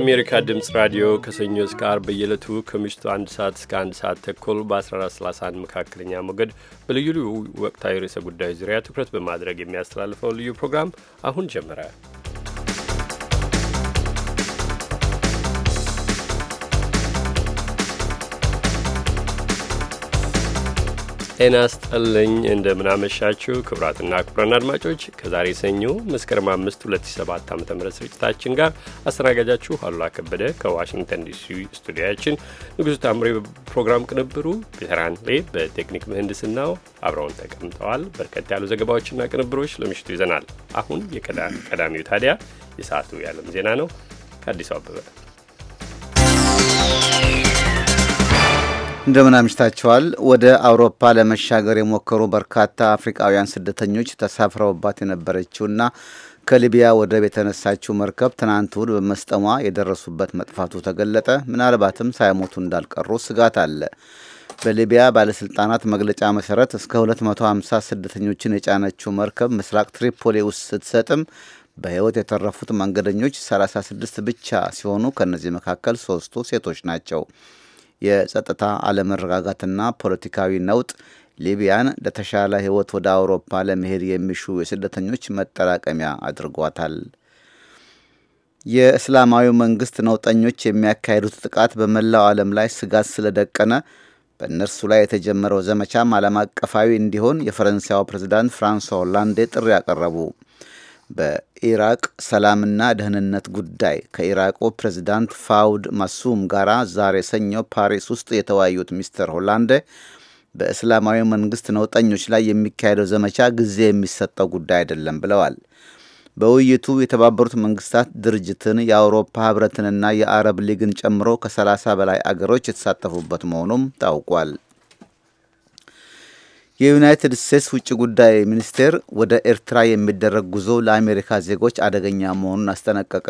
የአሜሪካ ድምፅ ራዲዮ ከሰኞ እስከ አርብ በየዕለቱ ከምሽቱ አንድ ሰዓት እስከ አንድ ሰዓት ተኩል በ1431 መካከለኛ ሞገድ በልዩ ልዩ ወቅታዊ ርዕሰ ጉዳዮች ዙሪያ ትኩረት በማድረግ የሚያስተላልፈው ልዩ ፕሮግራም አሁን ጀመረ። ጤና ስጠልኝ እንደምናመሻችሁ ክቡራትና ክቡራን አድማጮች ከዛሬ ሰኞ መስከረም 5 2007 ዓ ም ስርጭታችን ጋር አስተናጋጃችሁ አሉላ ከበደ ከዋሽንግተን ዲሲ ስቱዲያችን፣ ንጉሱ ታምሬ በፕሮግራም ቅንብሩ፣ ሌ በቴክኒክ ምህንድስናው አብረውን ተቀምጠዋል። በርከት ያሉ ዘገባዎችና ቅንብሮች ለምሽቱ ይዘናል። አሁን የቀዳሚው ታዲያ የሰዓቱ የዓለም ዜና ነው። ከአዲሱ አበበ እንደምን አምሽታችኋል። ወደ አውሮፓ ለመሻገር የሞከሩ በርካታ አፍሪቃውያን ስደተኞች ተሳፍረውባት የነበረችውና ከሊቢያ ወደብ የተነሳችው መርከብ ትናንት እሁድ በመስጠሟ የደረሱበት መጥፋቱ ተገለጠ። ምናልባትም ሳይሞቱ እንዳልቀሩ ስጋት አለ። በሊቢያ ባለሥልጣናት መግለጫ መሠረት እስከ 250 ስደተኞችን የጫነችው መርከብ ምስራቅ ትሪፖሊ ውስጥ ስትሰጥም በሕይወት የተረፉት መንገደኞች 36 ብቻ ሲሆኑ ከእነዚህ መካከል ሦስቱ ሴቶች ናቸው። የጸጥታ አለመረጋጋትና ፖለቲካዊ ነውጥ ሊቢያን ለተሻለ ሕይወት ወደ አውሮፓ ለመሄድ የሚሹ የስደተኞች መጠራቀሚያ አድርጓታል። የእስላማዊ መንግስት ነውጠኞች የሚያካሂዱት ጥቃት በመላው ዓለም ላይ ስጋት ስለደቀነ በእነርሱ ላይ የተጀመረው ዘመቻም ዓለም አቀፋዊ እንዲሆን የፈረንሳያው ፕሬዝዳንት ፍራንሷ ሆላንዴ ጥሪ ያቀረቡ በኢራቅ ሰላምና ደህንነት ጉዳይ ከኢራቁ ፕሬዚዳንት ፋውድ ማሱም ጋር ዛሬ ሰኞ ፓሪስ ውስጥ የተወያዩት ሚስተር ሆላንደ በእስላማዊ መንግስት ነውጠኞች ላይ የሚካሄደው ዘመቻ ጊዜ የሚሰጠው ጉዳይ አይደለም ብለዋል። በውይይቱ የተባበሩት መንግስታት ድርጅትን የአውሮፓ ህብረትንና የአረብ ሊግን ጨምሮ ከ30 በላይ አገሮች የተሳተፉበት መሆኑም ታውቋል። የዩናይትድ ስቴትስ ውጭ ጉዳይ ሚኒስቴር ወደ ኤርትራ የሚደረግ ጉዞ ለአሜሪካ ዜጎች አደገኛ መሆኑን አስጠነቀቀ።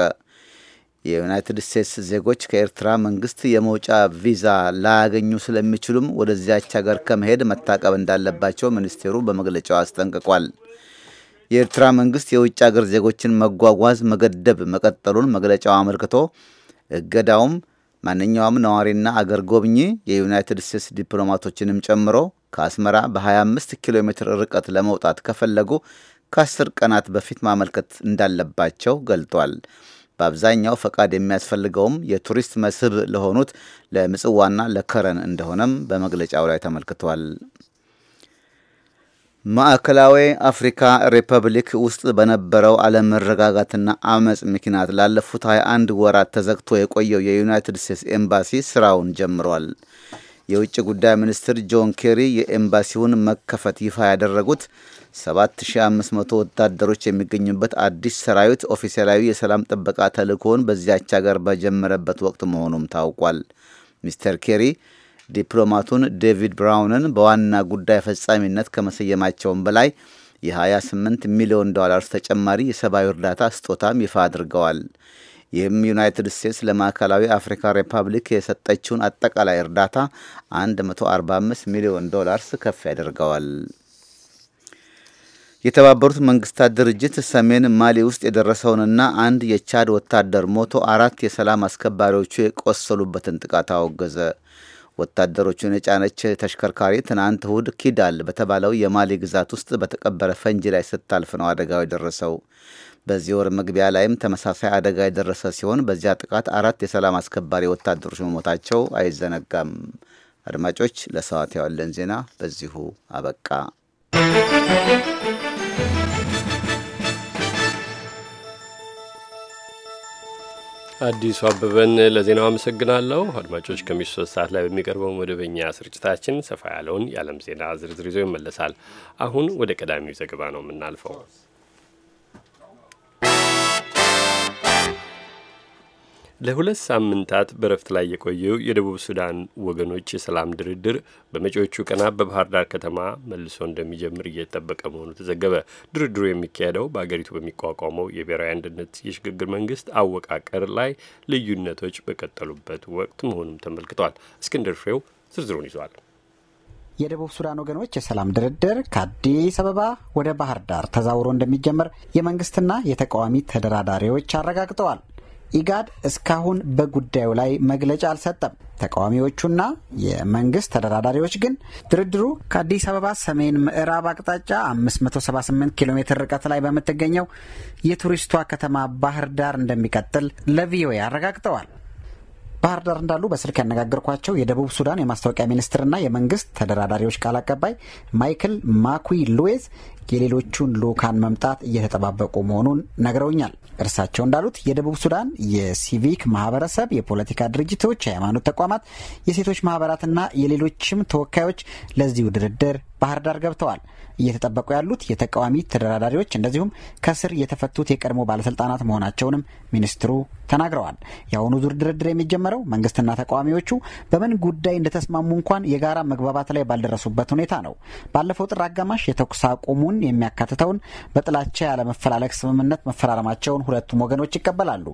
የዩናይትድ ስቴትስ ዜጎች ከኤርትራ መንግስት የመውጫ ቪዛ ላያገኙ ስለሚችሉም ወደዚያች ሀገር ከመሄድ መታቀብ እንዳለባቸው ሚኒስቴሩ በመግለጫው አስጠንቅቋል። የኤርትራ መንግስት የውጭ ሀገር ዜጎችን መጓጓዝ መገደብ መቀጠሉን መግለጫው አመልክቶ እገዳውም ማንኛውም ነዋሪና አገር ጎብኚ የዩናይትድ ስቴትስ ዲፕሎማቶችንም ጨምሮ ከአስመራ በ25 ኪሎ ሜትር ርቀት ለመውጣት ከፈለጉ ከአስር ቀናት በፊት ማመልከት እንዳለባቸው ገልጧል። በአብዛኛው ፈቃድ የሚያስፈልገውም የቱሪስት መስህብ ለሆኑት ለምጽዋና ለከረን እንደሆነም በመግለጫው ላይ ተመልክቷል። ማዕከላዊ አፍሪካ ሪፐብሊክ ውስጥ በነበረው አለመረጋጋትና አመፅ ምክንያት ላለፉት 21 ወራት ተዘግቶ የቆየው የዩናይትድ ስቴትስ ኤምባሲ ስራውን ጀምሯል። የውጭ ጉዳይ ሚኒስትር ጆን ኬሪ የኤምባሲውን መከፈት ይፋ ያደረጉት 7500 ወታደሮች የሚገኙበት አዲስ ሰራዊት ኦፊሴላዊ የሰላም ጥበቃ ተልእኮውን በዚያች ሀገር በጀመረበት ወቅት መሆኑም ታውቋል። ሚስተር ኬሪ ዲፕሎማቱን ዴቪድ ብራውንን በዋና ጉዳይ ፈጻሚነት ከመሰየማቸውም በላይ የ28 ሚሊዮን ዶላርስ ተጨማሪ የሰብአዊ እርዳታ ስጦታም ይፋ አድርገዋል። ይህም ዩናይትድ ስቴትስ ለማዕከላዊ አፍሪካ ሪፐብሊክ የሰጠችውን አጠቃላይ እርዳታ 145 ሚሊዮን ዶላርስ ከፍ ያደርገዋል። የተባበሩት መንግስታት ድርጅት ሰሜን ማሊ ውስጥ የደረሰውንና አንድ የቻድ ወታደር ሞቶ አራት የሰላም አስከባሪዎቹ የቆሰሉበትን ጥቃት አወገዘ። ወታደሮቹን የጫነች ተሽከርካሪ ትናንት እሁድ ኪዳል በተባለው የማሊ ግዛት ውስጥ በተቀበረ ፈንጂ ላይ ስታልፍ ነው አደጋው የደረሰው። በዚህ ወር መግቢያ ላይም ተመሳሳይ አደጋ የደረሰ ሲሆን በዚያ ጥቃት አራት የሰላም አስከባሪ ወታደሮች መሞታቸው አይዘነጋም። አድማጮች፣ ለሰዋት ያዋለን ዜና በዚሁ አበቃ። አዲሱ አበበን ለዜናው አመሰግናለሁ። አድማጮች ከምሽቱ ሶስት ሰዓት ላይ በሚቀርበው መደበኛ ስርጭታችን ሰፋ ያለውን የዓለም ዜና ዝርዝር ይዞ ይመለሳል። አሁን ወደ ቀዳሚው ዘገባ ነው የምናልፈው። ለሁለት ሳምንታት በረፍት ላይ የቆየው የደቡብ ሱዳን ወገኖች የሰላም ድርድር በመጪዎቹ ቀናት በባህር ዳር ከተማ መልሶ እንደሚጀምር እየተጠበቀ መሆኑ ተዘገበ። ድርድሩ የሚካሄደው በአገሪቱ በሚቋቋመው የብሔራዊ አንድነት የሽግግር መንግስት አወቃቀር ላይ ልዩነቶች በቀጠሉበት ወቅት መሆኑም ተመልክቷል። እስክንድር ፍሬው ዝርዝሩን ይዟል። የደቡብ ሱዳን ወገኖች የሰላም ድርድር ከአዲስ አበባ ወደ ባህር ዳር ተዛውሮ እንደሚጀምር የመንግስትና የተቃዋሚ ተደራዳሪዎች አረጋግጠዋል። ኢጋድ እስካሁን በጉዳዩ ላይ መግለጫ አልሰጠም። ተቃዋሚዎቹና የመንግስት ተደራዳሪዎች ግን ድርድሩ ከአዲስ አበባ ሰሜን ምዕራብ አቅጣጫ 578 ኪሎ ሜትር ርቀት ላይ በምትገኘው የቱሪስቷ ከተማ ባህር ዳር እንደሚቀጥል ለቪኦኤ አረጋግጠዋል። ባህር ዳር እንዳሉ በስልክ ያነጋገርኳቸው የደቡብ ሱዳን የማስታወቂያ ሚኒስትርና የመንግስት ተደራዳሪዎች ቃል አቀባይ ማይክል ማኩ ሉዌዝ የሌሎቹን ልኡካን መምጣት እየተጠባበቁ መሆኑን ነግረውኛል። እርሳቸው እንዳሉት የደቡብ ሱዳን የሲቪክ ማህበረሰብ፣ የፖለቲካ ድርጅቶች፣ የሃይማኖት ተቋማት፣ የሴቶች ማህበራትና የሌሎችም ተወካዮች ለዚሁ ድርድር ባህር ዳር ገብተዋል። እየተጠበቁ ያሉት የተቃዋሚ ተደራዳሪዎች እንደዚሁም ከስር የተፈቱት የቀድሞ ባለስልጣናት መሆናቸውንም ሚኒስትሩ ተናግረዋል። የአሁኑ ዙር ድርድር የሚጀመረው መንግስትና ተቃዋሚዎቹ በምን ጉዳይ እንደተስማሙ እንኳን የጋራ መግባባት ላይ ባልደረሱበት ሁኔታ ነው። ባለፈው ጥር አጋማሽ የተኩስ አቁሙን የሚያካትተውን በጥላቻ ያለመፈላለግ ስምምነት መፈራረማቸውን ሁለቱም ወገኖች ይቀበላሉ።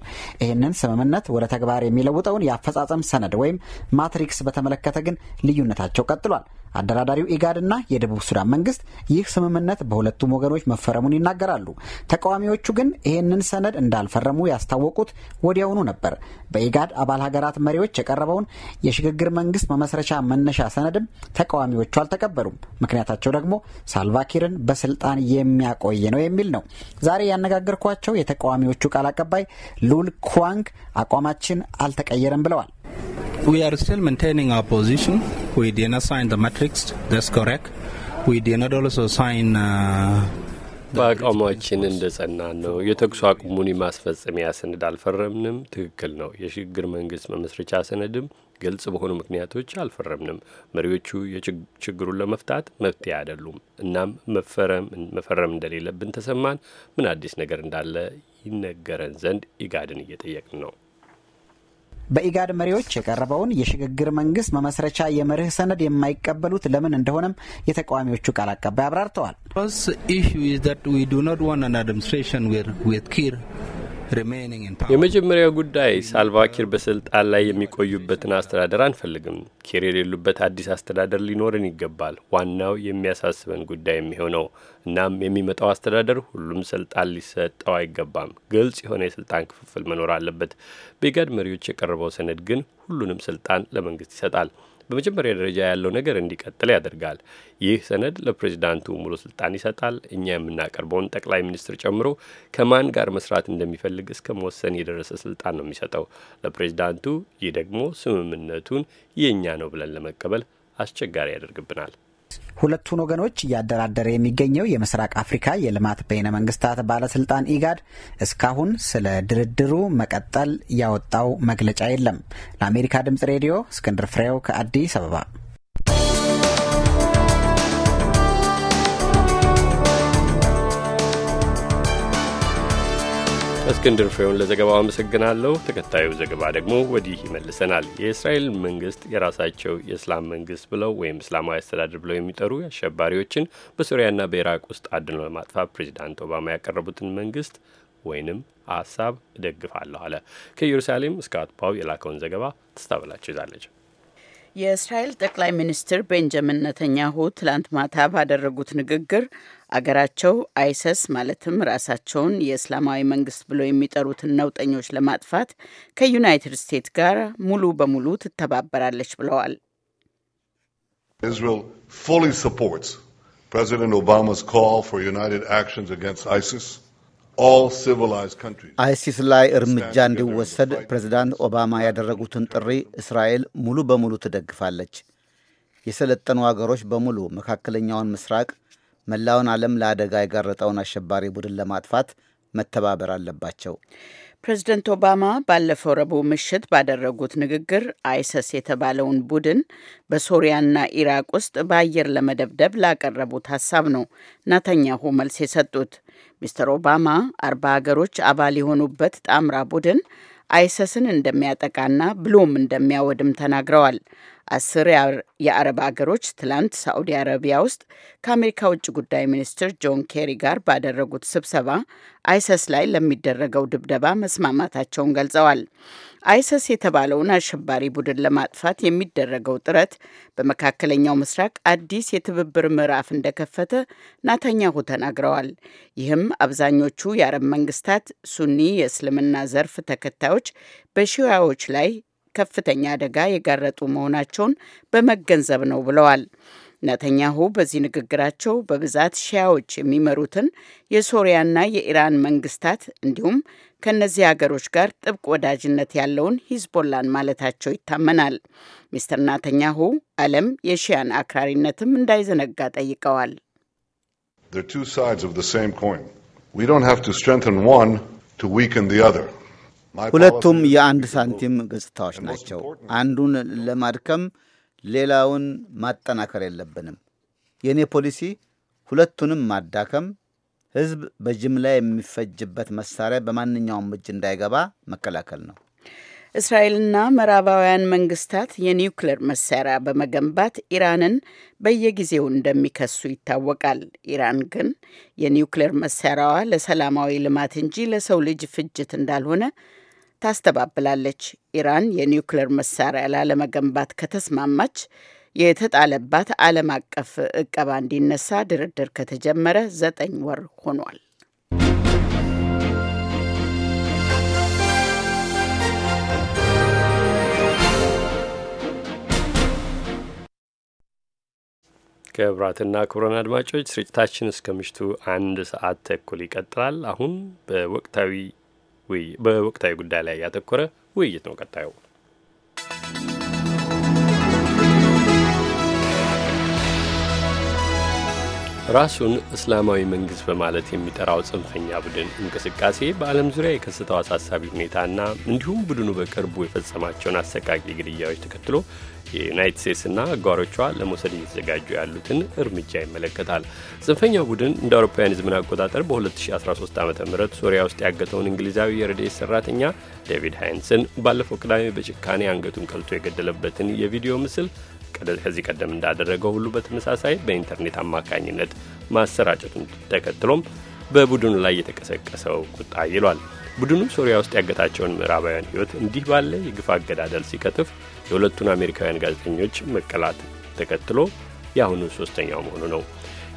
ይህንን ስምምነት ወደ ተግባር የሚለውጠውን የአፈጻጸም ሰነድ ወይም ማትሪክስ በተመለከተ ግን ልዩነታቸው ቀጥሏል። አደራዳሪው ኢጋድና የደቡብ ሱዳን መንግስት ይህ ስምምነት በሁለቱም ወገኖች መፈረሙን ይናገራሉ። ተቃዋሚዎቹ ግን ይህንን ሰነድ እንዳልፈረሙ ያስታወቁት ወዲያውኑ ነበር። በኢጋድ አባል ሀገራት መሪዎች የቀረበውን የሽግግር መንግስት መመስረቻ መነሻ ሰነድም ተቃዋሚዎቹ አልተቀበሉም። ምክንያታቸው ደግሞ ሳልቫኪርን በስልጣን የሚያቆይ ነው የሚል ነው። ዛሬ ያነጋገርኳቸው የተቃዋሚዎቹ ቃል አቀባይ ሉል ኳንግ አቋማችን አልተቀየረም ብለዋል። We are still maintaining our position. We did not sign the matrix. That's correct. We did not also sign. Uh, በአቋሟችን እንደጸና ነው። የተኩስ አቁሙን የማስፈጸሚያ ሰነድ አልፈረምንም። ትክክል ነው። የሽግግር መንግስት መመስረቻ ሰነድም ግልጽ በሆኑ ምክንያቶች አልፈረምንም። መሪዎቹ የችግሩን ለመፍታት መፍትሄ አይደሉም። እናም መፈረም እንደሌለብን ተሰማን። ምን አዲስ ነገር እንዳለ ይነገረን ዘንድ ኢጋድን እየጠየቅን ነው። በኢጋድ መሪዎች የቀረበውን የሽግግር መንግስት መመስረቻ የመርህ ሰነድ የማይቀበሉት ለምን እንደሆነም የተቃዋሚዎቹ ቃል አቀባይ አብራርተዋል። የመጀመሪያው ጉዳይ ሳልቫኪር በስልጣን ላይ የሚቆዩበትን አስተዳደር አንፈልግም። ኪር የሌሉበት አዲስ አስተዳደር ሊኖርን ይገባል። ዋናው የሚያሳስበን ጉዳይ የሚሆነው እናም የሚመጣው አስተዳደር ሁሉም ስልጣን ሊሰጠው አይገባም። ግልጽ የሆነ የስልጣን ክፍፍል መኖር አለበት። በኢጋድ መሪዎች የቀረበው ሰነድ ግን ሁሉንም ስልጣን ለመንግስት ይሰጣል። በመጀመሪያ ደረጃ ያለው ነገር እንዲቀጥል ያደርጋል። ይህ ሰነድ ለፕሬዚዳንቱ ሙሉ ስልጣን ይሰጣል። እኛ የምናቀርበውን ጠቅላይ ሚኒስትር ጨምሮ ከማን ጋር መስራት እንደሚፈልግ እስከ መወሰን የደረሰ ስልጣን ነው የሚሰጠው ለፕሬዚዳንቱ። ይህ ደግሞ ስምምነቱን የእኛ ነው ብለን ለመቀበል አስቸጋሪ ያደርግብናል። ሁለቱን ወገኖች እያደራደረ የሚገኘው የምስራቅ አፍሪካ የልማት በይነ መንግስታት ባለስልጣን ኢጋድ እስካሁን ስለ ድርድሩ መቀጠል ያወጣው መግለጫ የለም። ለአሜሪካ ድምጽ ሬዲዮ እስክንድር ፍሬው ከአዲስ አበባ እስክንድር ፍሬውን ለዘገባው አመሰግናለሁ። ተከታዩ ዘገባ ደግሞ ወዲህ ይመልሰናል። የእስራኤል መንግስት የራሳቸው የእስላም መንግስት ብለው ወይም እስላማዊ አስተዳደር ብለው የሚጠሩ አሸባሪዎችን በሱሪያና በኢራቅ ውስጥ አድኖ ለማጥፋት ፕሬዚዳንት ኦባማ ያቀረቡትን መንግስት ወይንም ሀሳብ እደግፋለሁ አለ። ከኢየሩሳሌም ስካት ፓው የላከውን ዘገባ ትስታበላቸው ይዛለች። የእስራኤል ጠቅላይ ሚኒስትር ቤንጃሚን ነተኛሁ ትላንት ማታ ባደረጉት ንግግር አገራቸው አይሰስ ማለትም ራሳቸውን የእስላማዊ መንግስት ብሎ የሚጠሩትን ነውጠኞች ለማጥፋት ከዩናይትድ ስቴትስ ጋር ሙሉ በሙሉ ትተባበራለች ብለዋል። አይሲስ ላይ እርምጃ እንዲወሰድ ፕሬዚዳንት ኦባማ ያደረጉትን ጥሪ እስራኤል ሙሉ በሙሉ ትደግፋለች። የሰለጠኑ አገሮች በሙሉ መካከለኛውን ምስራቅ መላውን ዓለም ለአደጋ የጋረጠውን አሸባሪ ቡድን ለማጥፋት መተባበር አለባቸው። ፕሬዝደንት ኦባማ ባለፈው ረቡዕ ምሽት ባደረጉት ንግግር አይሰስ የተባለውን ቡድን በሶሪያና ኢራቅ ውስጥ በአየር ለመደብደብ ላቀረቡት ሀሳብ ነው ናታንያሁ መልስ የሰጡት። ሚስተር ኦባማ አርባ ሀገሮች አባል የሆኑበት ጣምራ ቡድን አይሰስን እንደሚያጠቃና ብሎም እንደሚያወድም ተናግረዋል። አስር የአረብ አገሮች ትላንት ሳዑዲ አረቢያ ውስጥ ከአሜሪካ ውጭ ጉዳይ ሚኒስትር ጆን ኬሪ ጋር ባደረጉት ስብሰባ አይሰስ ላይ ለሚደረገው ድብደባ መስማማታቸውን ገልጸዋል። አይሰስ የተባለውን አሸባሪ ቡድን ለማጥፋት የሚደረገው ጥረት በመካከለኛው ምስራቅ አዲስ የትብብር ምዕራፍ እንደከፈተ ናታኛሁ ተናግረዋል። ይህም አብዛኞቹ የአረብ መንግስታት ሱኒ የእስልምና ዘርፍ ተከታዮች በሺያዎች ላይ ከፍተኛ አደጋ የጋረጡ መሆናቸውን በመገንዘብ ነው ብለዋል። ነተኛሁ በዚህ ንግግራቸው በብዛት ሺያዎች የሚመሩትን የሶሪያና የኢራን መንግስታት እንዲሁም ከእነዚህ ሀገሮች ጋር ጥብቅ ወዳጅነት ያለውን ሂዝቦላን ማለታቸው ይታመናል። ሚስተር ናተኛሁ ዓለም የሺያን አክራሪነትም እንዳይዘነጋ ጠይቀዋል። They're two sides of the same coin. We don't have to strengthen one to weaken the ሁለቱም የአንድ ሳንቲም ገጽታዎች ናቸው። አንዱን ለማድከም ሌላውን ማጠናከር የለብንም። የእኔ ፖሊሲ ሁለቱንም ማዳከም፣ ሕዝብ በጅምላ የሚፈጅበት መሳሪያ በማንኛውም እጅ እንዳይገባ መከላከል ነው። እስራኤልና ምዕራባውያን መንግስታት የኒውክሌር መሳሪያ በመገንባት ኢራንን በየጊዜው እንደሚከሱ ይታወቃል። ኢራን ግን የኒውክሌር መሳሪያዋ ለሰላማዊ ልማት እንጂ ለሰው ልጅ ፍጅት እንዳልሆነ ታስተባብላለች። ኢራን የኒውክሌር መሳሪያ ላለመገንባት ከተስማማች የተጣለባት ዓለም አቀፍ እቀባ እንዲነሳ ድርድር ከተጀመረ ዘጠኝ ወር ሆኗል። ክቡራትና ክቡራን አድማጮች ስርጭታችን እስከ ምሽቱ አንድ ሰዓት ተኩል ይቀጥላል። አሁን በወቅታዊ በወቅታዊ ጉዳይ ላይ ያተኮረ ውይይት ነው ቀጣዩ። ራሱን እስላማዊ መንግስት በማለት የሚጠራው ጽንፈኛ ቡድን እንቅስቃሴ በዓለም ዙሪያ የከሰተው አሳሳቢ ሁኔታና እንዲሁም ቡድኑ በቅርቡ የፈጸማቸውን አሰቃቂ ግድያዎች ተከትሎ የዩናይት ስቴትስና አጓሮቿ ለመውሰድ እየተዘጋጁ ያሉትን እርምጃ ይመለከታል። ጽንፈኛው ቡድን እንደ አውሮፓውያን የዘመን አቆጣጠር በ2013 ዓ ም ሶሪያ ውስጥ ያገተውን እንግሊዛዊ የረድኤት ሰራተኛ ዴቪድ ሃይንስን ባለፈው ቅዳሜ በጭካኔ አንገቱን ቀልቶ የገደለበትን የቪዲዮ ምስል ከዚህ ቀደም እንዳደረገው ሁሉ በተመሳሳይ በኢንተርኔት አማካኝነት ማሰራጨቱን ተከትሎም በቡድኑ ላይ የተቀሰቀሰው ቁጣ ይሏል። ቡድኑ ሶሪያ ውስጥ ያገታቸውን ምዕራባውያን ሕይወት እንዲህ ባለ የግፍ አገዳደል ሲከትፍ የሁለቱን አሜሪካውያን ጋዜጠኞች መቀላት ተከትሎ የአሁኑ ሶስተኛው መሆኑ ነው።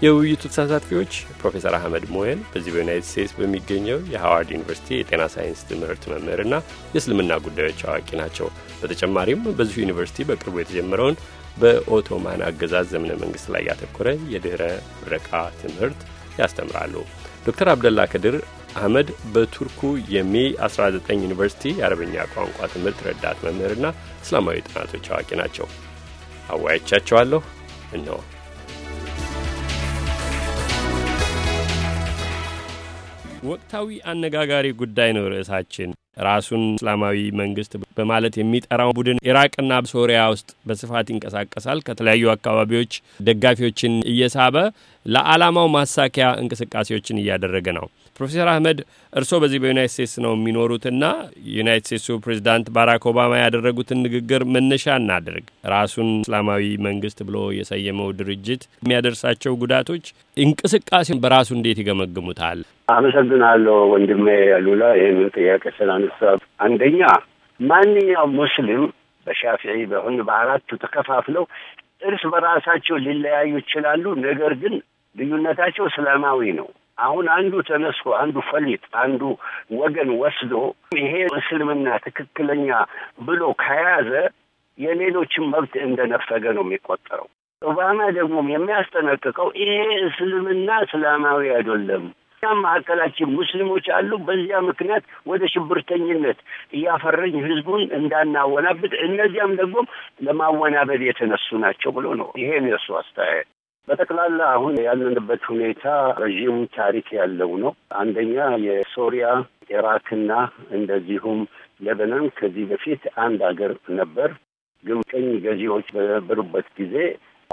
የውይይቱ ተሳታፊዎች ፕሮፌሰር አህመድ ሞየን በዚህ በዩናይትድ ስቴትስ በሚገኘው የሃዋርድ ዩኒቨርሲቲ የጤና ሳይንስ ትምህርት መምህርና የእስልምና ጉዳዮች አዋቂ ናቸው። በተጨማሪም በዚሁ ዩኒቨርሲቲ በቅርቡ የተጀመረውን በኦቶማን አገዛዝ ዘመነ መንግስት ላይ ያተኮረ የድኅረ ምረቃ ትምህርት ያስተምራሉ። ዶክተር አብደላ ክድር አህመድ በቱርኩ የሜ 19 ዩኒቨርሲቲ የአረበኛ ቋንቋ ትምህርት ረዳት መምህርና እስላማዊ ጥናቶች አዋቂ ናቸው። አወያቻቸዋለሁ እነሆ። ወቅታዊ አነጋጋሪ ጉዳይ ነው ርዕሳችን። ራሱን እስላማዊ መንግስት በማለት የሚጠራው ቡድን ኢራቅና ሶሪያ ውስጥ በስፋት ይንቀሳቀሳል። ከተለያዩ አካባቢዎች ደጋፊዎችን እየሳበ ለዓላማው ማሳኪያ እንቅስቃሴዎችን እያደረገ ነው። ፕሮፌሰር አህመድ እርስዎ በዚህ በዩናይት ስቴትስ ነው የሚኖሩትና የዩናይት ስቴትሱ ፕሬዚዳንት ባራክ ኦባማ ያደረጉትን ንግግር መነሻ እናድርግ። ራሱን እስላማዊ መንግስት ብሎ የሰየመው ድርጅት የሚያደርሳቸው ጉዳቶች እንቅስቃሴውን በራሱ እንዴት ይገመግሙታል? አመሰግናለሁ ወንድሜ ያሉላ ይህን ጥያቄ ስላነሳ። አንደኛ ማንኛውም ሙስሊም በሻፊዒ በሁን በአራቱ ተከፋፍለው እርስ በራሳቸው ሊለያዩ ይችላሉ። ነገር ግን ልዩነታቸው እስላማዊ ነው። አሁን አንዱ ተነስቶ አንዱ ፈሊጥ አንዱ ወገን ወስዶ ይሄ እስልምና ትክክለኛ ብሎ ከያዘ የሌሎችን መብት እንደነፈገ ነው የሚቆጠረው። ኦባማ ደግሞ የሚያስጠነቅቀው ይሄ እስልምና እስላማዊ አይደለም። እኛም መካከላችን ሙስሊሞች አሉ። በዚያ ምክንያት ወደ ሽብርተኝነት እያፈረኝ ህዝቡን እንዳናወናብድ እነዚያም ደግሞ ለማወናበድ የተነሱ ናቸው ብሎ ነው። ይሄን የእሱ አስተያየት። በጠቅላላ አሁን ያለንበት ሁኔታ ረዥም ታሪክ ያለው ነው። አንደኛ የሶሪያ ኢራክና እንደዚሁም ሌበናን ከዚህ በፊት አንድ ሀገር ነበር፣ ግን ቅኝ ገዢዎች በነበሩበት ጊዜ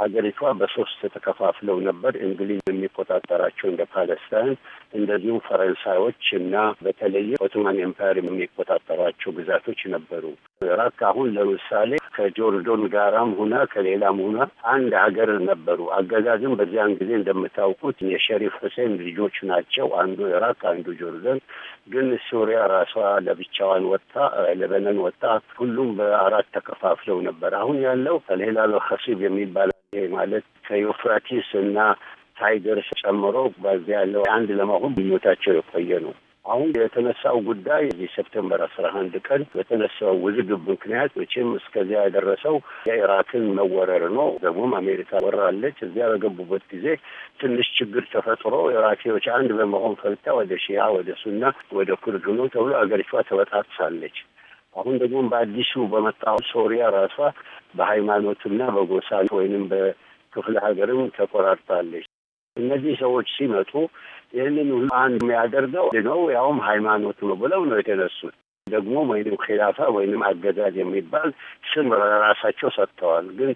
ሀገሪቷ በሶስት ተከፋፍለው ነበር። እንግሊዝ የሚቆጣጠራቸው እንደ ፓለስታይን፣ እንደዚሁም ፈረንሳዮች እና በተለየ ኦቶማን ኤምፓየር የሚቆጣጠሯቸው ግዛቶች ነበሩ። ኢራቅ አሁን ለምሳሌ ከጆርዶን ጋራም ሁና ከሌላም ሁና አንድ ሀገር ነበሩ። አገዛዝም በዚያን ጊዜ እንደምታውቁት የሸሪፍ ሁሴን ልጆች ናቸው። አንዱ ኢራቅ፣ አንዱ ጆርደን። ግን ሱሪያ ራሷ ለብቻዋን ወጣ፣ ለበነን ወጣ። ሁሉም በአራት ተከፋፍለው ነበር። አሁን ያለው ከሌላ አልኸሲብ የሚባል ይሄ ማለት ከዩፍራቲስ እና ታይገርስ ጨምሮ በዚ ያለው አንድ ለመሆን ምኞታቸው የቆየ ነው። አሁን የተነሳው ጉዳይ እዚህ ሴፕቴምበር አስራ አንድ ቀን በተነሳው ውዝግብ ምክንያት መቼም እስከዚያ ያደረሰው የኢራክን መወረር ነው። ደግሞም አሜሪካ ወራለች። እዚያ በገቡበት ጊዜ ትንሽ ችግር ተፈጥሮ ኢራኪዎች አንድ በመሆን ፈልታ ወደ ሺያ፣ ወደ ሱና፣ ወደ ኩርድ ነው ተብሎ አገሪቷ ተበጣጥሳለች። አሁን ደግሞ በአዲሱ በመጣው ሶሪያ ራሷ በሃይማኖትና በጎሳ ወይንም በክፍለ ሀገርም ተቆራርጣለች። እነዚህ ሰዎች ሲመጡ ይህንን ሁሉ አንድ የሚያደርገው ነው ያውም ሃይማኖት ነው ብለው ነው የተነሱት። ደግሞ ወይንም ኪላፋ ወይንም አገዛዝ የሚባል ስም ራሳቸው ሰጥተዋል። ግን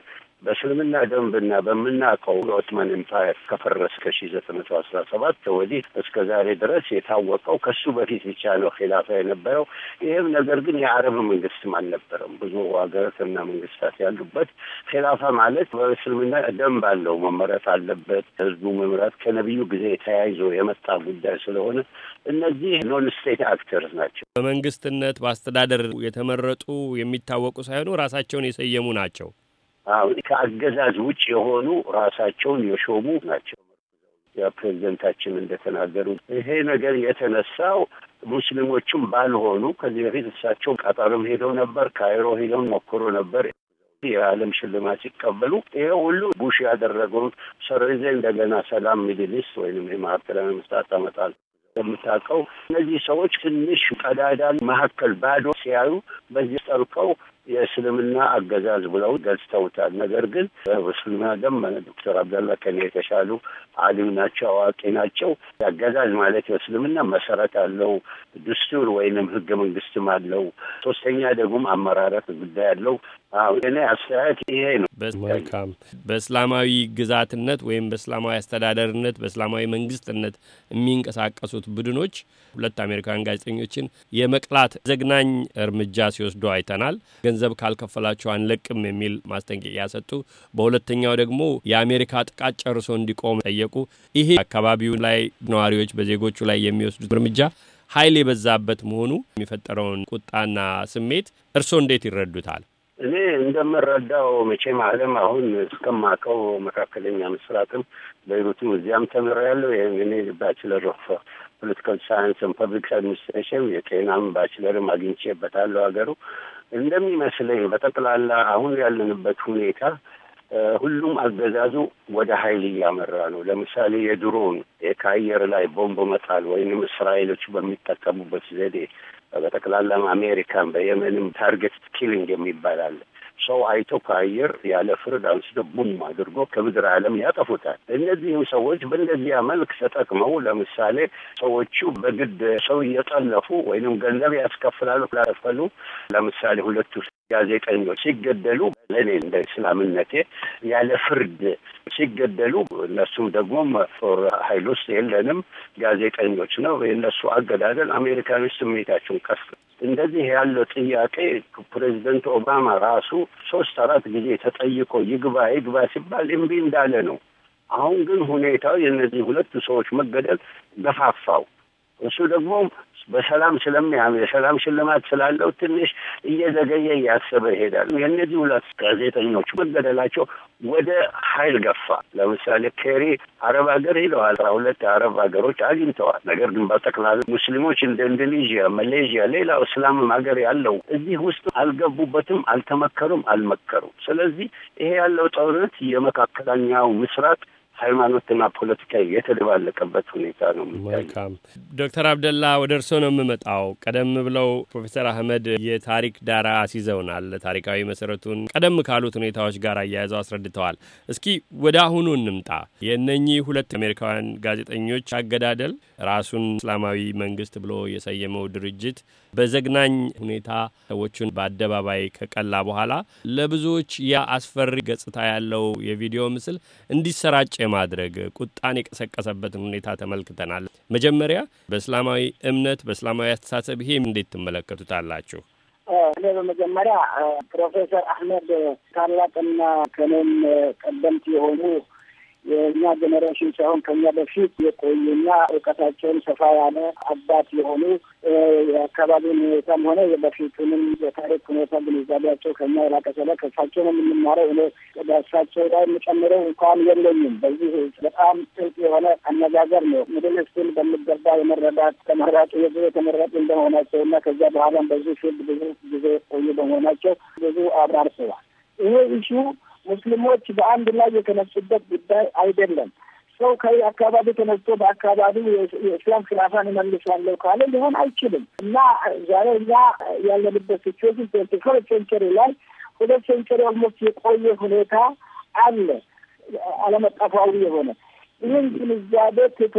በእስልምና ደንብና በምናውቀው የኦትማን ኤምፓየር ከፈረስ ከሺ ዘጠኝ መቶ አስራ ሰባት ወዲህ እስከ ዛሬ ድረስ የታወቀው ከሱ በፊት ብቻ ነው ኪላፋ የነበረው። ይህም ነገር ግን የአረብ መንግስትም አልነበረም። ብዙ ሀገራትና መንግስታት ያሉበት ኪላፋ ማለት በእስልምና ደንብ አለው፣ መመረት አለበት። ህዝቡ መምራት ከነቢዩ ጊዜ ተያይዞ የመጣ ጉዳይ ስለሆነ እነዚህ ኖን ስቴት አክተርስ ናቸው። በመንግስትነት በአስተዳደር የተመረጡ የሚታወቁ ሳይሆኑ ራሳቸውን የሰየሙ ናቸው። ከአገዛዝ ውጭ የሆኑ ራሳቸውን የሾሙ ናቸው። ፕሬዚደንታችን እንደተናገሩ ይሄ ነገር የተነሳው ሙስሊሞችም ባልሆኑ ከዚህ በፊት እሳቸው ቀጠርም ሄደው ነበር፣ ካይሮ ሄደው ሞክሮ ነበር የዓለም ሽልማት ሲቀበሉ ይሄ ሁሉ ቡሽ ያደረገውን ሰርዜ እንደገና ሰላም ሚድሊስት ኢስት ወይም የመካከላዊ ምስራቅ ታመጣል። የምታውቀው እነዚህ ሰዎች ትንሽ ቀዳዳን መካከል ባዶ ሲያዩ በዚህ ጠልቀው የእስልምና አገዛዝ ብለው ገልጽተውታል። ነገር ግን እስልምና ደም ዶክተር አብዳላ ከኔ የተሻሉ አሊም ናቸው፣ አዋቂ ናቸው። አገዛዝ ማለት የእስልምና መሰረት አለው፣ ድስቱር ወይንም ህገ መንግስትም አለው። ሶስተኛ ደግሞ አመራረት ጉዳይ አለው። እኔ አስተያየት ይሄ ነው። መልካም በእስላማዊ ግዛትነት ወይም በእስላማዊ አስተዳደርነት በእስላማዊ መንግስትነት የሚንቀሳቀሱት ቡድኖች ሁለት አሜሪካን ጋዜጠኞችን የመቅላት ዘግናኝ እርምጃ ሲወስዱ አይተናል። ገንዘብ ካልከፈላቸው አንለቅም የሚል ማስጠንቀቂያ ሰጡ። በሁለተኛው ደግሞ የአሜሪካ ጥቃት ጨርሶ እንዲቆም ጠየቁ። ይሄ አካባቢው ላይ ነዋሪዎች በዜጎቹ ላይ የሚወስዱት እርምጃ ኃይል የበዛበት መሆኑ የሚፈጠረውን ቁጣና ስሜት እርስዎ እንዴት ይረዱታል? እኔ እንደምረዳው መቼም ዓለም አሁን እስከማውቀው መካከለኛ ምስራቅም በይሩትም እዚያም ተምሬያለሁ። ይህም እኔ ባችለር ኦፍ ፖለቲካል ሳይንስ ፐብሊክ አድሚኒስትሬሽን የጤናም ባችለርም አግኝቼበታለሁ ሀገሩ እንደሚመስለኝ በጠቅላላ አሁን ያለንበት ሁኔታ ሁሉም አገዛዙ ወደ ኃይል እያመራ ነው። ለምሳሌ የድሮን ከአየር ላይ ቦምብ መጣል ወይንም እስራኤሎች በሚጠቀሙበት ዘዴ በጠቅላላም አሜሪካን በየመንም ታርጌት ኪሊንግ የሚባል አለ። ሰው አይቶ ከአየር ያለ ፍርድ አንስቶ ቡም አድርጎ ከምድር ዓለም ያጠፉታል። እነዚህም ሰዎች በእነዚያ መልክ ተጠቅመው ለምሳሌ ሰዎቹ በግድ ሰው እየጠለፉ ወይንም ገንዘብ ያስከፍላሉ ላፈሉ ለምሳሌ ሁለቱ ጋዜጠኞች ሲገደሉ ለእኔ እንደ እስላምነቴ ያለ ፍርድ ሲገደሉ እነሱም ደግሞ ጦር ኃይል ውስጥ የለንም ጋዜጠኞች ነው የእነሱ አገዳደል አሜሪካኖች ስሜታቸውን ቀስ እንደዚህ ያለው ጥያቄ ፕሬዚደንት ኦባማ ራሱ ሶስት አራት ጊዜ ተጠይቆ ይግባ ይግባ ሲባል እምቢ እንዳለ ነው። አሁን ግን ሁኔታው የእነዚህ ሁለቱ ሰዎች መገደል ገፋፋው። እሱ ደግሞ በሰላም ስለሚያም የሰላም ሽልማት ስላለው ትንሽ እየዘገየ እያሰበ ይሄዳል። የእነዚህ ሁለት ጋዜጠኞች መገደላቸው ወደ ሀይል ገፋ። ለምሳሌ ኬሪ አረብ ሀገር ሄደዋል። አስራ ሁለት የአረብ ሀገሮች አግኝተዋል። ነገር ግን በጠቅላላ ሙስሊሞች እንደ ኢንዶኔዥያ፣ መሌዥያ፣ ሌላው እስላም ሀገር ያለው እዚህ ውስጥ አልገቡበትም፣ አልተመከሩም፣ አልመከሩም። ስለዚህ ይሄ ያለው ጦርነት የመካከለኛው ምስራቅ ሃይማኖትና ፖለቲካ የተደባለቀበት ሁኔታ ነው። መልካም ዶክተር አብደላ ወደ እርስዎ ነው የምመጣው። ቀደም ብለው ፕሮፌሰር አህመድ የታሪክ ዳራ አስይዘውናል። ታሪካዊ መሰረቱን ቀደም ካሉት ሁኔታዎች ጋር አያይዘው አስረድተዋል። እስኪ ወደ አሁኑ እንምጣ። የእነኚህ ሁለት አሜሪካውያን ጋዜጠኞች አገዳደል ራሱን እስላማዊ መንግስት ብሎ የሰየመው ድርጅት በዘግናኝ ሁኔታ ሰዎቹን በአደባባይ ከቀላ በኋላ ለብዙዎች ያ አስፈሪ ገጽታ ያለው የቪዲዮ ምስል እንዲሰራጭ የማድረግ ቁጣን የቀሰቀሰበትን ሁኔታ ተመልክተናል። መጀመሪያ በእስላማዊ እምነት በእስላማዊ አስተሳሰብ ይሄ እንዴት ትመለከቱታላችሁ? እኔ በመጀመሪያ ፕሮፌሰር አህመድ ታላቅና ከኔም ቀደምት የሆኑ የእኛ ጀኔሬሽን ሳይሆን ከኛ በፊት የቆዩና እውቀታቸውን ሰፋ ያለ አባት የሆኑ የአካባቢውን ሁኔታም ሆነ የበፊቱንም የታሪክ ሁኔታ ግንዛቤያቸው ከኛ የላቀ ስለ ከሳቸው ነው የምንማረው። እኔ በእሳቸው ላይ የምጨምረው እንኳን የለኝም። በዚህ በጣም ጥልቅ የሆነ አነጋገር ነው። ሚድል ስኩል በሚገባ የመረዳት ተመራጭ የብዙ ተመራቂ እንደመሆናቸው እና ከዚያ በኋላም በዚህ ፊልድ ብዙ ጊዜ ቆዩ በመሆናቸው ብዙ አብራርተዋል። ይሄ ኢሹ ሙስሊሞች በአንድ ላይ የተነሱበት ጉዳይ አይደለም። ሰው ከአካባቢ ተነስቶ በአካባቢው የእስላም ክላፋን እመልሳለሁ ካለ ሊሆን አይችልም እና ዛሬ እኛ ያለንበት ሲቹዌሽን ትዌንቲ ፎርዝ ሴንቸሪ ላይ ሁለት ሴንቸሪ ኦልሞስት የቆየ ሁኔታ አለ አለመጣፋዊ የሆነ ይህን ግንዛቤ ትቶ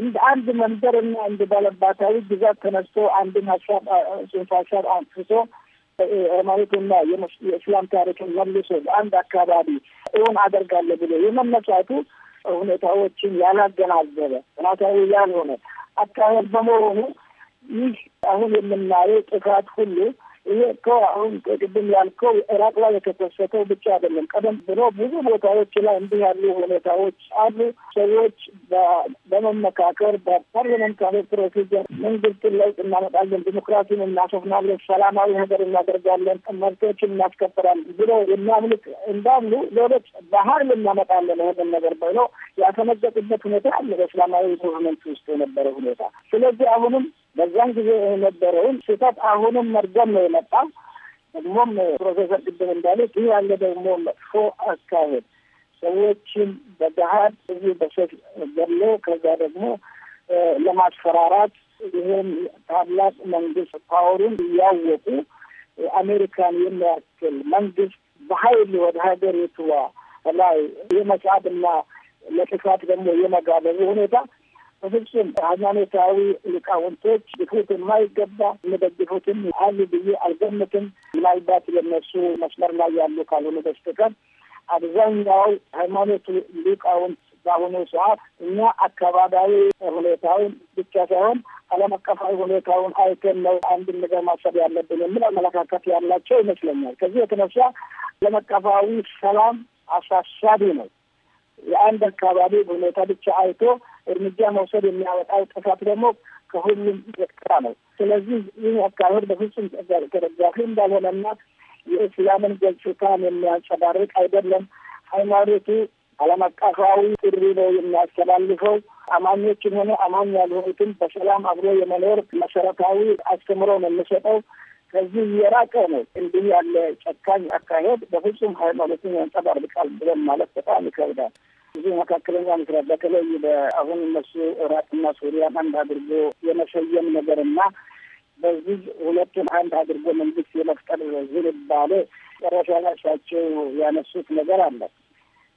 እንደ አንድ መንደር እና እንደ ባለባታዊ ግዛት ተነስቶ አንድን ሀሳብ ጽንሰ ሀሳብ አንስቶ ሃይማኖትና የእስላም ታሪክን መልሶ አንድ አካባቢ እሆን አደርጋለሁ ብሎ የመመቻቱ ሁኔታዎችን ያላገናዘበ ጥናታዊ ያልሆነ አካሄድ በመሆኑ ይህ አሁን የምናየው ጥፋት ሁሉ ይሄ እኮ አሁን ቅድም ያልከው ኢራቅ ላይ የተከሰተው ብቻ አይደለም። ቀደም ብሎ ብዙ ቦታዎች ላይ እንዲህ ያሉ ሁኔታዎች አሉ። ሰዎች በመመካከር በፓርላመንታዊ ፕሮሲጀር መንግስትን ለውጥ እናመጣለን፣ ዲሞክራሲን እናሰፍናለን፣ ሰላማዊ ነገር እናደርጋለን፣ መብቶችን እናስከብራለን ብሎ የሚያምልክ እንዳሉ ሌሎች በሀይል እናመጣለን ይህንን ነገር ብሎ ያተመዘጡበት ሁኔታ አለ። በእስላማዊ ሙቭመንት ውስጥ የነበረ ሁኔታ ስለዚህ አሁንም በዛን ጊዜ የነበረውን ስህተት አሁንም መድገም ነው የመጣው። ደግሞም ፕሮፌሰር ቅድም እንዳለ ይህ ያለ ደግሞ መጥፎ አካሄድ ሰዎችን በገሀድ እዚህ በሰት ገሎ ከዛ ደግሞ ለማስፈራራት ይህም ታላቅ መንግስት ፓወሩን እያወቁ አሜሪካን የሚያክል መንግስት በሀይል ወደ ሀገሪቷ ላይ የመሳብና ለጥፋት ደግሞ የመጋበዙ ሁኔታ በፍጹም ሃይማኖታዊ ሊቃውንቶች ግፉት የማይገባ የሚደግፉትም አሉ ብዬ አልገምትም። ምናልባት የነሱ መስመር ላይ ያሉ ካልሆኑ በስተቀር አብዛኛው ሃይማኖት ሊቃውንት በአሁኑ ሰዓት እኛ አካባቢያዊ ሁኔታውን ብቻ ሳይሆን ዓለም አቀፋዊ ሁኔታውን አይተን ነው አንድ ነገር ማሰብ ያለብን የሚል አመለካከት ያላቸው ይመስለኛል። ከዚህ የተነሳ ዓለም አቀፋዊ ሰላም አሳሳቢ ነው። የአንድ አካባቢ ሁኔታ ብቻ አይቶ እርምጃ መውሰድ የሚያወጣው ጥፋት ደግሞ ከሁሉም የቀራ ነው። ስለዚህ ይህ አካሄድ በፍጹም ተደጋፊ እንዳልሆነና የእስላምን ገጽታን የሚያንጸባርቅ አይደለም። ሃይማኖቱ ዓለም አቀፋዊ ጥሪ ነው የሚያስተላልፈው። አማኞችን ሆነ አማኝ ያልሆኑትን በሰላም አብሮ የመኖር መሰረታዊ አስተምሮ ነው የሚሰጠው። ከዚህ የራቀ ነው። እንዲህ ያለ ጨካኝ አካሄድ በፍጹም ሃይማኖትን ያንጸባርቃል ብለን ማለት በጣም ይከብዳል። እዚህ መካከለኛ ምስራት በተለይ በአሁን እነሱ ኢራቅና ሱሪያን አንድ አድርጎ የመሰየም ነገርና በዚህ ሁለቱን አንድ አድርጎ መንግስት የመፍጠር ዝንባሌ ጨረሻ ላሻቸው ያነሱት ነገር አለ።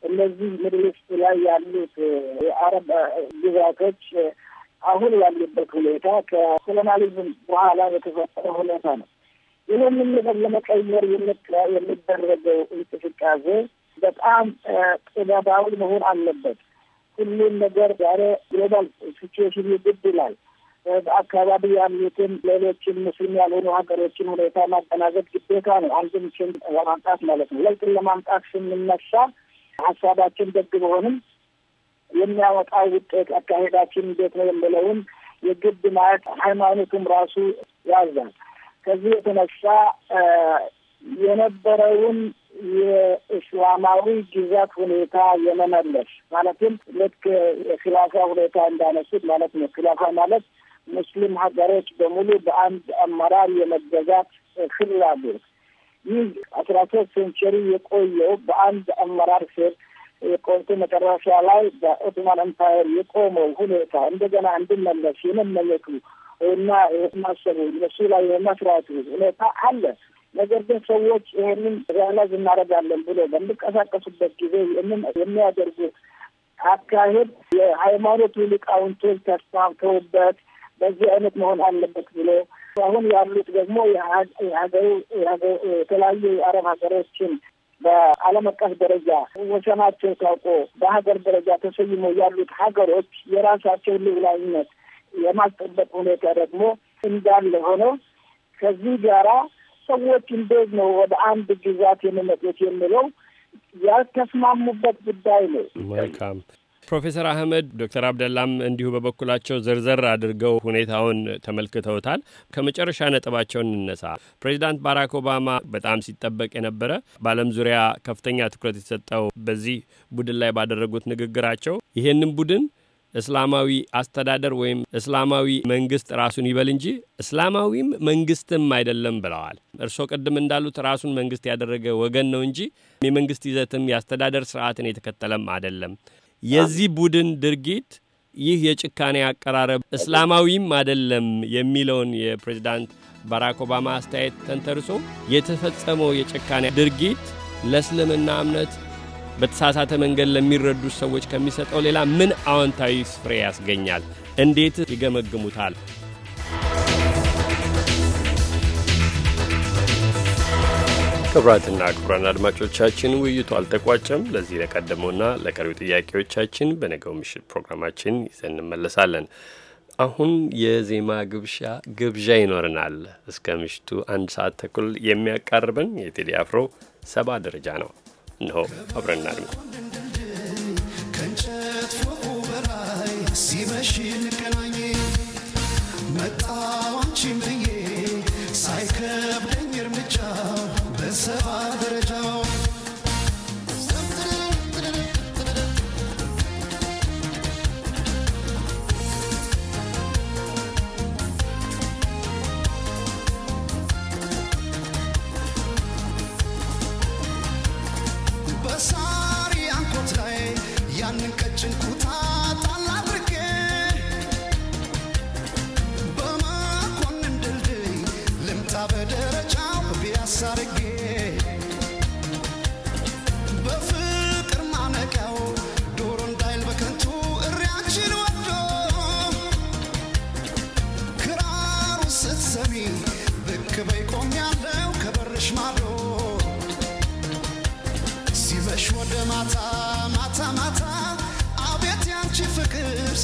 እነዚህ ሚድል ውስጥ ላይ ያሉት የአረብ ግዛቶች አሁን ያሉበት ሁኔታ ከኮሎናሊዝም በኋላ የተፈጠረ ሁኔታ ነው። ይህንን ነገር ለመቀየር የሚደረገው እንቅስቃሴ በጣም ጥበባዊ መሆን አለበት። ሁሉም ነገር ዛሬ ግሎባል ሲቹዌሽን ግድ ይላል። በአካባቢ ያሉትን ሌሎችን ሙስሊም ያልሆኑ ሀገሮችን ሁኔታ ማገናዘብ ግዴታ ነው። አንድም ችን ለማምጣት ማለት ነው። ለውጥን ለማምጣት ስንነሳ ሀሳባችን ደግ ቢሆንም የሚያወጣው ውጤት አካሄዳችን እንዴት ነው የምለውን የግድ ማየት ሃይማኖቱም ራሱ ያዛል። ከዚህ የተነሳ የነበረውን የእስላማዊ ግዛት ሁኔታ የመመለስ ማለትም ልክ የክላሳ ሁኔታ እንዳነሱት ማለት ነው። ክላሳ ማለት ሙስሊም ሀገሮች በሙሉ በአንድ አመራር የመገዛት ፍላጎት። ይህ አስራ ሶስት ሴንቸሪ የቆየው በአንድ አመራር ስር የቆይቶ መጨረሻ ላይ በኦቶማን ኤምፓየር የቆመው ሁኔታ እንደገና እንድመለስ የመመኘቱ እና ማሰቡ እነሱ ላይ የመስራቱ ሁኔታ አለ። ነገር ግን ሰዎች ይህንን ሪያላይዝ እናደርጋለን ብሎ በሚንቀሳቀሱበት ጊዜ የሚያደርጉ አካሄድ የሃይማኖቱ ሊቃውንቶች ተስፋፍተውበት በዚህ አይነት መሆን አለበት ብሎ አሁን ያሉት ደግሞ የሀገሩ የተለያዩ አረብ ሀገሮችን በዓለም አቀፍ ደረጃ ወሰናቸው ታውቆ በሀገር ደረጃ ተሰይሞ ያሉት ሀገሮች የራሳቸው ልዕላዊነት የማስጠበቅ ሁኔታ ደግሞ እንዳለ ሆኖ ከዚህ ጋራ ሰዎች እንዴት ነው ወደ አንድ ግዛት የሚመጡት የሚለው ያልተስማሙበት ጉዳይ ነው። መልካም ፕሮፌሰር አህመድ ዶክተር አብደላም እንዲሁ በበኩላቸው ዝርዝር አድርገው ሁኔታውን ተመልክተውታል። ከመጨረሻ ነጥባቸውን እንነሳ። ፕሬዚዳንት ባራክ ኦባማ በጣም ሲጠበቅ የነበረ በዓለም ዙሪያ ከፍተኛ ትኩረት የተሰጠው በዚህ ቡድን ላይ ባደረጉት ንግግራቸው ይሄንን ቡድን እስላማዊ አስተዳደር ወይም እስላማዊ መንግስት ራሱን ይበል እንጂ እስላማዊም መንግስትም አይደለም ብለዋል። እርስዎ ቅድም እንዳሉት ራሱን መንግስት ያደረገ ወገን ነው እንጂ የመንግስት ይዘትም የአስተዳደር ስርዓትን የተከተለም አይደለም። የዚህ ቡድን ድርጊት ይህ የጭካኔ አቀራረብ እስላማዊም አይደለም የሚለውን የፕሬዚዳንት ባራክ ኦባማ አስተያየት ተንተርሶ የተፈጸመው የጭካኔ ድርጊት ለእስልምና እምነት በተሳሳተ መንገድ ለሚረዱት ሰዎች ከሚሰጠው ሌላ ምን አዎንታዊ ፍሬ ያስገኛል? እንዴት ይገመግሙታል? ክቡራትና ክቡራን አድማጮቻችን ውይይቱ አልተቋጨም። ለዚህ ለቀደመውና ለቀሪው ጥያቄዎቻችን በነገው ምሽት ፕሮግራማችን ይዘን እንመለሳለን። አሁን የዜማ ግብዣ ግብዣ ይኖረናል። እስከ ምሽቱ አንድ ሰዓት ተኩል የሚያቃርበን የቴዲ አፍሮ ሰባ ደረጃ ነው። እንሆ አብረና ድምቅ ከእንጨት ፎቁ በላይ ሲመሽ እንገናኝ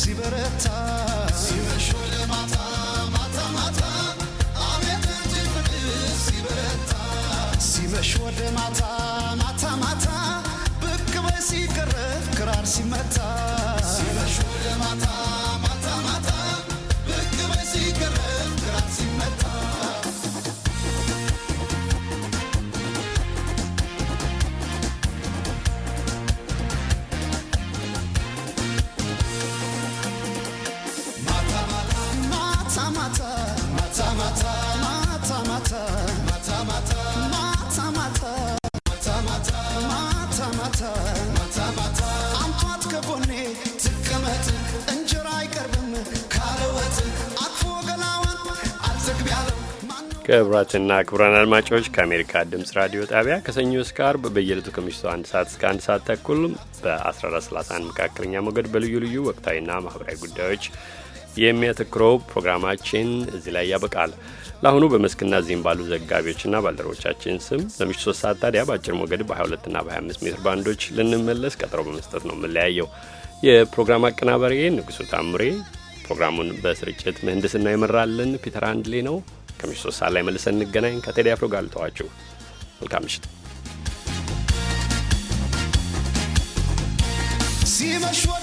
Sie me Matan, Matan, Matan, am Ende die Flüsse, sie beretta. Sie beschwörte Matan. ክቡራትና ክቡራን አድማጮች ከአሜሪካ ድምፅ ራዲዮ ጣቢያ ከሰኞ እስከ አርብ በየለቱ ከምሽቱ አንድ ሰዓት እስከ አንድ ሰዓት ተኩል በ1431 መካከለኛ ሞገድ በልዩ ልዩ ወቅታዊና ማህበራዊ ጉዳዮች የሚያተኩረው ፕሮግራማችን እዚህ ላይ ያበቃል። ለአሁኑ በመስክና እዚህም ባሉ ዘጋቢዎችና ባልደረቦቻችን ስም ለምሽቱ ሶስት ሰዓት ታዲያ በአጭር ሞገድ በ22ና በ25 ሜትር ባንዶች ልንመለስ ቀጠሮ በመስጠት ነው የምንለያየው። የፕሮግራም አቀናባሪ ንጉሱ ታምሬ፣ ፕሮግራሙን በስርጭት ምህንድስና የመራልን ፒተር አንድሌ ነው። ከምሽቱ ሶስት ሰዓት ላይ መልሰን እንገናኝ። ከቴዲ አፍሮ ጋር ልተዋችሁ። መልካም ምሽት። See you